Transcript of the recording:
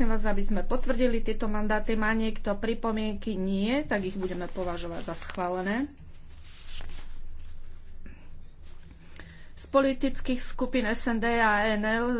Prosím vás, aby sme potvrdili tieto mandáty. Má niekto pripomienky? Nie, tak ich budeme považovať za schválené. Z politických skupín SND a NL